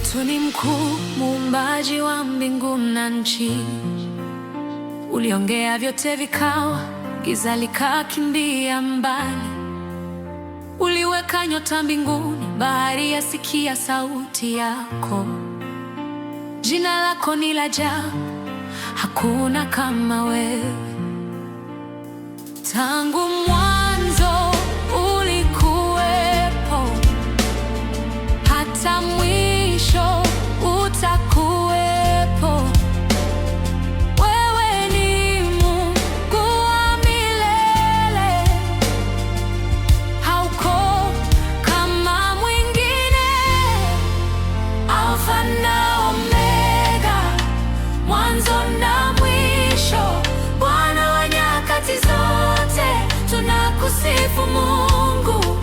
yetu ni mkuu, muumbaji wa mbingu na nchi. Uliongea vyote vikawa, giza likakimbia mbali. Uliweka nyota mbinguni, bahari yasikia sauti yako. Jina lako ni la ajabu, hakuna kama wewe tangu mwanzo Mtakatifu Mungu,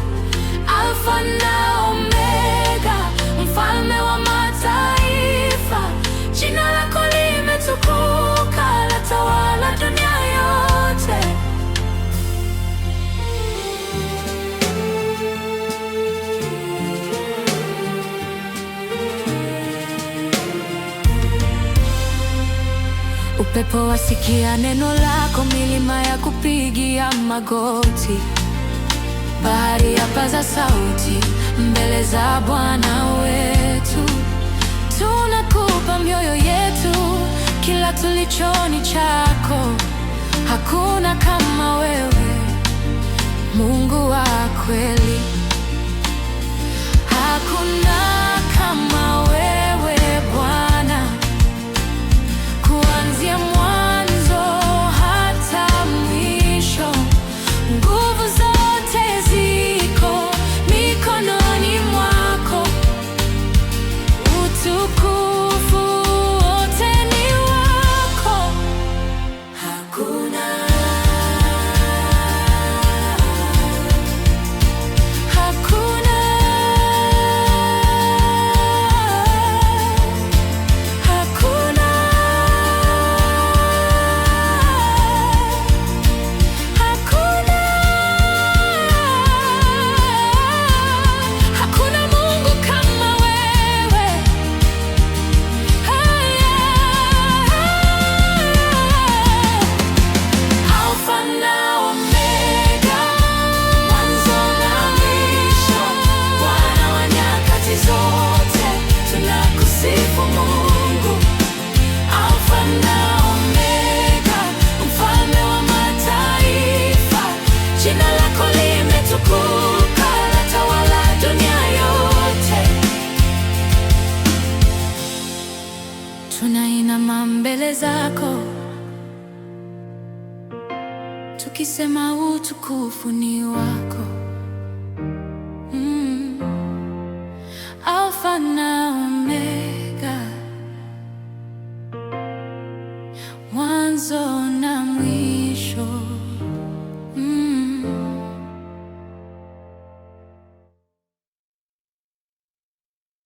Alfa na Omega, mfalme wa mataifa, jina lako limetukuka, latawala dunia yote. Upepo wasikia neno lako, milima ya kupigia magoti bahari yapaza sauti mbele za Bwana wetu, tunakupa mioyo yetu, kila tulicho ni chako, hakuna kama wewe, Mungu wa kweli. tunainama mbele zako tukisema utukufu ni wako.